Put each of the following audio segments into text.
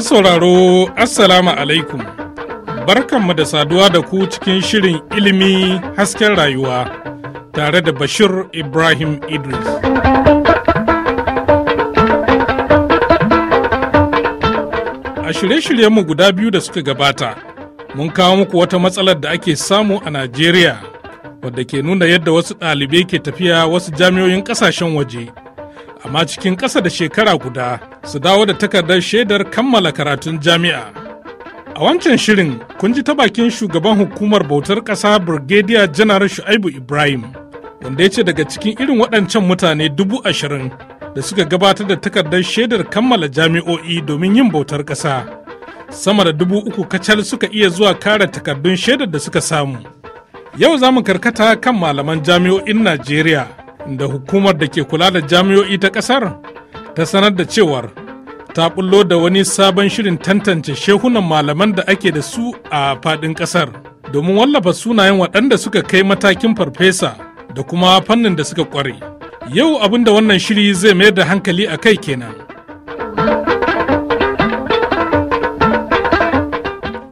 Masu sauraro Assalamu alaikum. Barkanmu da saduwa da ku cikin shirin ilimi hasken rayuwa tare da Bashir Ibrahim Idris. A shirye-shiryenmu guda biyu da suka gabata, mun kawo muku wata matsalar da ake samu a Najeriya wadda ke nuna yadda wasu ɗalibai ke tafiya wasu jami'oyin ƙasashen waje. amma cikin ƙasa da shekara guda su dawo da takardar shaidar kammala karatun jami'a. A wancan shirin kun ji ta bakin shugaban hukumar bautar ƙasa Brigadier Janar Shu'aibu Ibrahim wanda ya ce daga cikin irin waɗancan mutane dubu ashirin da suka gabatar da takardar shaidar kammala jami'o'i domin yin bautar ƙasa. Sama da dubu uku kacal suka iya zuwa kare takardun shaidar da suka samu. Yau za mu karkata kan malaman jami'o'in Najeriya. da hukumar da ke kula da jami'o'i ta kasar ta sanar da cewar ta bullo da wani sabon shirin tantance shehunan malaman da ake da su a fadin kasar domin wallafa sunayen waɗanda suka kai matakin farfesa da kuma fannin da suka kware yau abin da wannan shiri zai mayar da hankali a kai kenan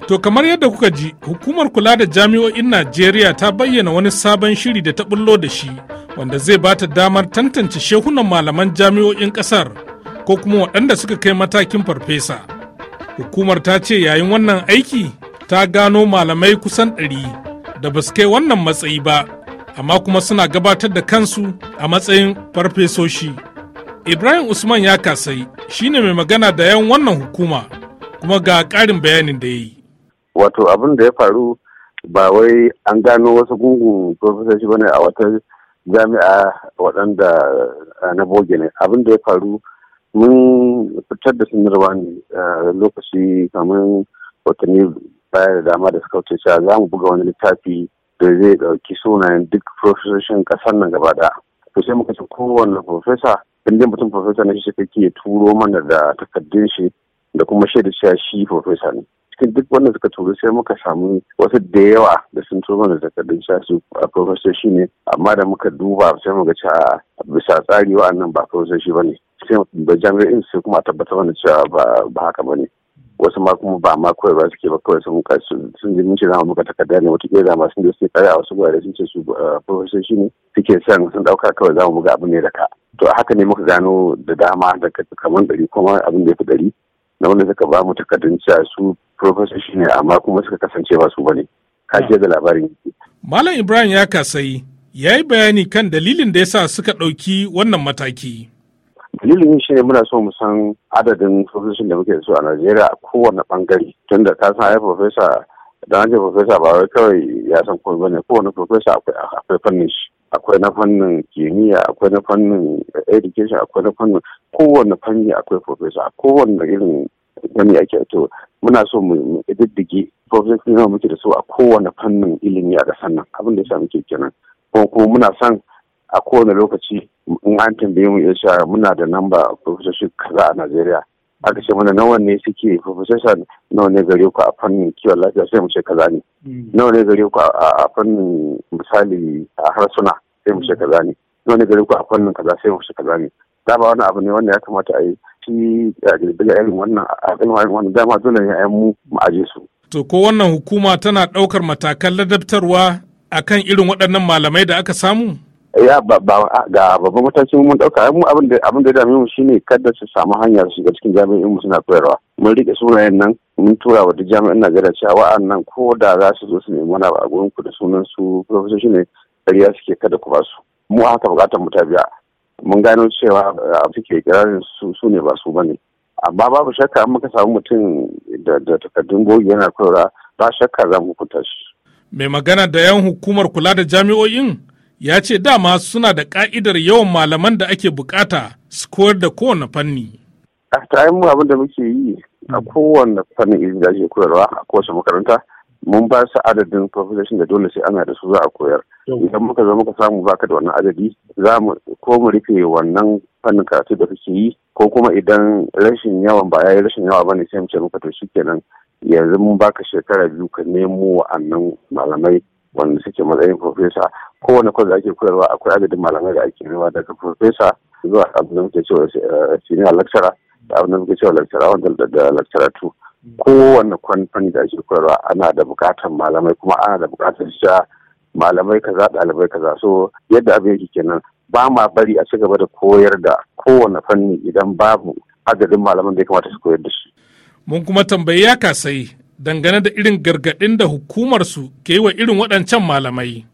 To kamar yadda kuka ji, hukumar kula da jami'o'in Najeriya ta bayyana wani sabon shiri da ta bullo da shi wanda zai ba ta damar tantance shehunan malaman jami'o'in ƙasar ko kuma waɗanda suka kai matakin farfesa hukumar ta ce yayin wannan aiki ta gano malamai kusan ɗari da ba su kai wannan matsayi ba amma kuma suna gabatar da kansu a matsayin farfesoshi ibrahim usman ya kasai shine mai magana da yan wannan hukuma kuma ga ƙarin bayanin da ya yi wato abin da ya faru ba wai an gano wasu gungun farfesoshi bane a wata jami'a waɗanda eh, na boge ne abin da ya faru mun fitar da sanarwa ne eh, lokaci kamar watanni baya da dama da suka wuce cewa za mu buga wani littafi da zai ɗauki sunayen duk profesoshin ƙasar nan gaba ɗaya to sai muka ce kowane profesa inda mutum profesa na shi ke turo mana da takardun shi da kuma shaida cewa shi profesa ne cikin duk wanda suka turu sai muka samu wasu da yawa da sun turo mana takardun sha su a profesoshi ne amma da muka duba sai muka ce a bisa tsari wa'annan ba profesoshi ba ne cikin in sai kuma a tabbatar mana cewa ba haka ba ne wasu ma kuma ba ma kawai ba suke ba kawai sun ka sun ji mince zama muka takarda ne wata kila ma sun je su kare a wasu gurare sun ce su profesoshi ne suke san sun ɗauka kawai za mu buga abu ne da ka to haka ne muka gano da dama daga kamar ɗari kuma abin da ya fi ɗari na wanda suka ba mu takardun cewa su professor shine amma kuma suka kasance ba su bane kaje da labarin malam ibrahim ya kasayi ya yi bayani kan dalilin da yasa suka ɗauki wannan mataki dalilin shi ne muna so mu san adadin profession da muke so a najeriya a kowane bangare tunda ka san ai professor dan ajin professor ba wai kawai ya san komai ne kowane professor akwai fannin shi akwai na fannin kimiyya akwai na fannin education akwai na fannin kowane fanni akwai professor a kowane irin wani ake to muna so mu diddige professor ne muke da su a kowane fannin ilimi a kasar nan abin da yasa muke kenan ko kuma muna son a kowane lokaci in an tambaye mu ya muna da namba professorship kaza a Najeriya a kashe mana nawa ne suke professor nawa ne gare ku a fannin kiwon lafiya sai mu ce kaza ne mm. nawa ne gare ku a fannin misali a harsuna sai mu ce mm. kaza ne nawa ne gare ku a fannin kaza sai mu ce kaza ne da ba wani abu ne wanda ya kamata a yi shi a girgiza irin wannan a irin wannan dama dole ne a mu mu aje su to ko wannan hukuma tana ɗaukar matakan ladabtarwa akan irin waɗannan malamai da aka samu ya ba ga babban mataki mun dauka mu abin da abin da dame mu shine kada su samu hanya hanyar shiga cikin jami'in mu suna koyarwa mun rike sunayen nan mun tura wa duk jami'in Najeriya cewa wa'annan ko da za su zo su nemi wani a gurin ku da sunan su professor shine ƙarya suke kada ku ba su mu haka bukatar mu ta biya mun gano cewa suke kirarin su su ne ba su bane amma babu shakka an muka samu mutum da takardun bogi yana koyarwa ba shakka za mu hukunta shi mai magana da yan hukumar kula da jami'o'in ya ce dama suna da ka'idar yawan malaman da ake bukata su koyar da kowane fanni. A ah, ta mu abin da muke yi a hmm. kowane fanni izini da ake koyarwa a kowace makaranta mun ba su adadin profession da dole sai ana da su za a koyar. Idan muka zama muka samu baka da wannan adadi za mu ko mu rufe wannan fannin karatu da kake yi ko kuma idan rashin yawan ba yayi rashin yawa bane sai mu ce muka to shikenan yanzu mun baka shekara biyu ka nemo wa'annan malamai wanda suke matsayin profesa kowane kwas da ake koyarwa akwai adadin malamai da ake nema daga profesa zuwa abin da muke cewa eh, senior lecturer da abin da muke cewa lecturer wanda da lecturer two kowane kwanfani da ake koyarwa ana da bukatan malamai kuma ana da bukatar sha malamai kaza dalibai kaza so yadda abin yake kenan ba ma bari a ci gaba da koyar da kowane fanni idan babu adadin malaman da ya kamata su koyar da shi. Mun kuma tambayi ya kasai dangane da irin gargaɗin da hukumarsu ke yi wa irin waɗancan malamai.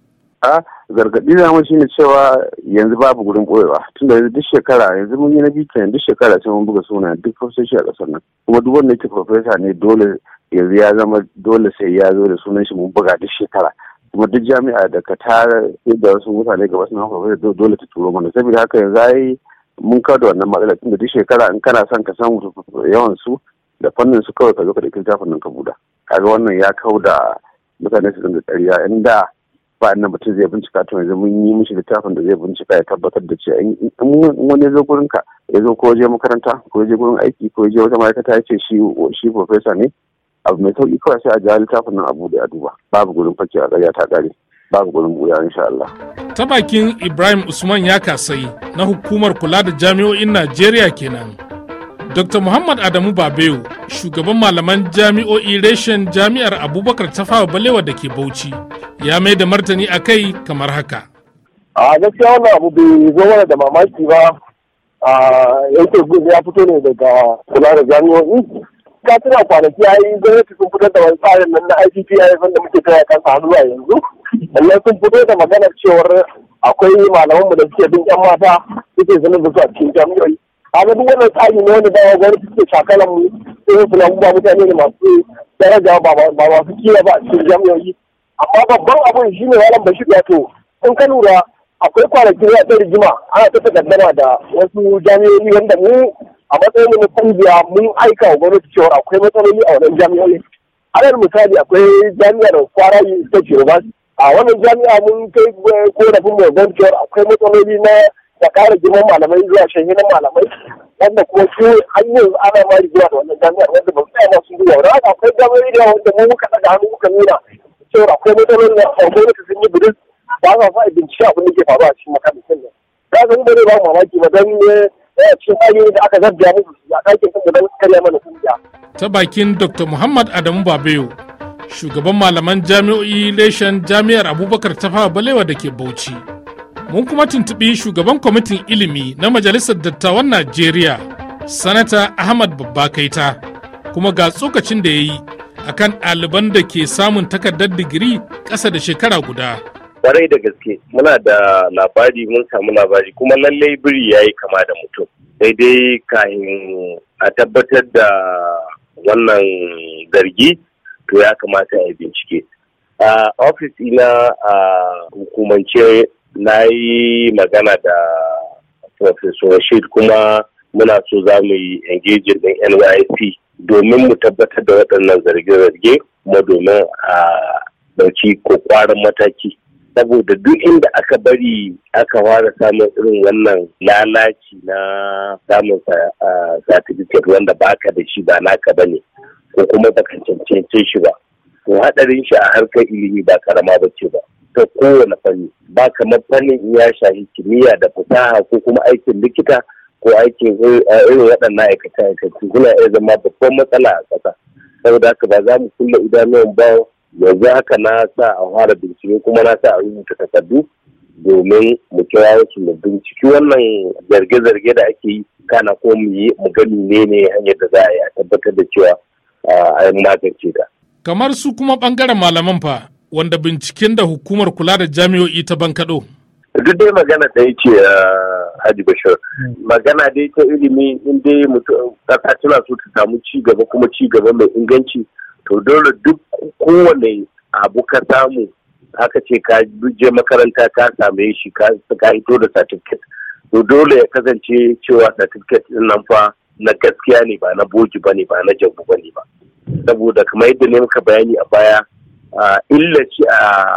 A gargaɗi na mu shine cewa yanzu babu gurin ɓoyewa tun da duk shekara yanzu mun yi na biyu yanzu duk shekara sai mun buga suna duk profesoshi a ƙasar nan kuma duk wanda yake profesa ne dole yanzu ya zama dole sai ya zo da sunan shi mun buga duk shekara kuma duk jami'a da ka tara da wasu mutane gaba suna profesa dole ta turo mana saboda haka yanzu ai mun kawo da wannan matsalar tun da duk shekara in kana son ka san yawan su da fannin su kawai ka zo ka da littafin nan ka buɗa kaga wannan ya kau da mutane su dinga tsariya in da ba nan mutum zai bincika to yanzu mun yi mishi littafin da zai bincika ya tabbatar da cewa in wani zo gurin ka ya zo ko je makaranta ko je gurin aiki ko je wata ma'aikata ya ce shi shi profesa ne abu mai sauki kawai sai a ja littafin nan a buɗe a duba babu gurin fake a ƙarya ta ƙare babu gurin buya insha Allah. Ta bakin Ibrahim Usman ya kasai na hukumar kula da jami'o'in Najeriya kenan. Dr. Muhammad Adamu babeo shugaban malaman jami'o'i reshen jami'ar Abubakar Tafawa Balewa da ke Bauchi, ya mai da martani a kai kamar haka. A gaskiya wannan abu bai zo mana da mamaki ba, yanke gudu ya fito ne daga kula da jami'o'i. Ka tuna kwanaki ya yi gwamnati sun fitar da wani tsarin nan na IPPIF da muke kai kansa har zuwa yanzu. Sannan sun fito da maganar cewar akwai mu da suke bin 'yan mata suke zanen da a cikin jami'o'i. kaga duk wannan tsari ne wanda dawa gwamnati suke shakalan mu sai su na ba mutane ne masu daraja ba masu kira ba a cikin jami'o'i amma babban abin shine walan bashir ya to in ka lura akwai kwanaki ya ta rigima ana ta takaddama da wasu jami'o'i wanda mu a matsayin na kungiya mun aika wa gwamnati cewa akwai matsaloli a wannan jami'o'i alal misali akwai jami'ar kwara ta ce ba a wannan jami'a mun kai eh, korafin mu gwamnati cewa akwai matsaloli na da kare girman malamai zuwa shahinan malamai wanda kuma su hanyar ana ma zuwa da wannan jami'ar wanda ba su tsaya ba sun zuwa wanda akwai jami'ai da wanda mu muka daga hannu muka nuna cewa akwai matsalar da akwai wata sun yi budur ba sa su bincike abin da ke faruwa a cikin makarantar nan. Ka san ba ne ba mamaki ba don ne eh, eh, cikin da aka zabbiya musu a ɗakin kan da karya mana kungiya. Ta bakin Dr. Muhammad Adamu babeo shugaban malaman jami'o'i leshen jami'ar abubakar fara balewa da ke bauchi mun kuma tuntuɓi shugaban kwamitin ilimi na majalisar dattawan najeriya sanata ahmad babba kaita kuma ga tsokacin da ya yi akan ɗaliban da ke samun takardar digiri ƙasa da shekara guda kwarai da gaske muna da labari mun samu labari kuma lallai biri ya yi kama da mutum Daidai kahin a tabbatar da wannan zargi to ya kamata a yi bincike a ofis ina a hukumance na yi magana da Professor Rashid kuma muna so za mu yi engaging din NYC domin mu tabbatar da waɗannan zarge-zarge kuma domin a ɗauki ko kwarin mataki. Saboda duk inda aka bari aka fara samun irin wannan lalaci na samun certificate wanda ba ka da shi ba naka ba ne ko kuma ba ka cancance shi ba. To haɗarin shi a harkar ilimi ba karama ba ce ba. ta kowane fanni ba kamar fannin ya shafi kimiyya da fasaha ko kuma aikin likita ko aikin eh, eh, irin waɗannan aikace-aikace suna iya zama babban matsala a ƙasa saboda haka ba za mu kulle idanuwan ba yanzu haka na sa a fara bincike kuma na sa a rubuta takardu domin mu kira wasu mu binciki wannan zarge-zarge da ake yi kana ko mu yi mu gani ne ne hanyar da za a yi a tabbatar da cewa a ah, yi magance ta. kamar su kuma bangaren malaman fa wanda binciken da hukumar kula da jami'o'i ta bankaɗo. duk dai magana da yake uh, Haji Bashir magana dai ta ilimi in dai ƙasa tana so ta samu ci gaba kuma ci gaba mai inganci to dole duk kowane abu ka samu aka ce ka je makaranta ka same shi ka hito da certificate to dole ya kasance cewa satifiket din nan fa na gaskiya ne ba na boji ba ne ba na jabu ba ne ba saboda kamar yadda ne muka bayani a baya illaci a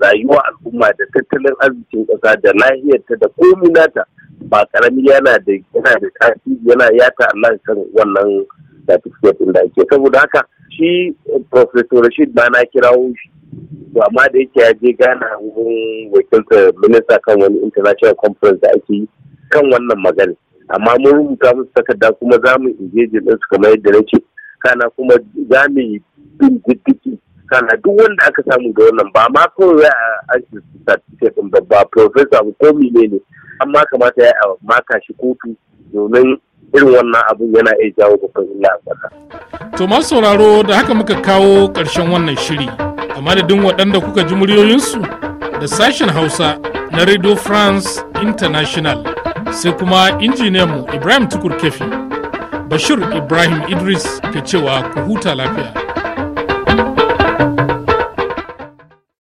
rayuwa al'umma da tattalin arzikin ƙasa da lahiyarta da kominata nata ba karami yana da yana da yana yata Allah kan wannan certificate din da ake saboda haka shi eh, professor Rashid ba na kirawo shi to amma da yake ya je Ghana wurin wakilta minista kan wani international conference da ake yi kan wannan magana amma mun rubuta musu takarda kuma za mu injeji su kamar yadda na ce kana kuma za mu yi bin diddiki sana duk wanda aka samu da wannan ba ma kawai a asibiti certificate ɗin ba professor ko mene ne amma kamata ya a maka shi kotu domin irin wannan abun yana iya jawo babban illa a To masu sauraro da haka muka kawo ƙarshen wannan shiri a madadin waɗanda kuka ji muryoyinsu da sashen Hausa na Radio France International sai kuma mu Ibrahim Tukur Kefi Bashir Ibrahim Idris ke cewa ku huta lafiya.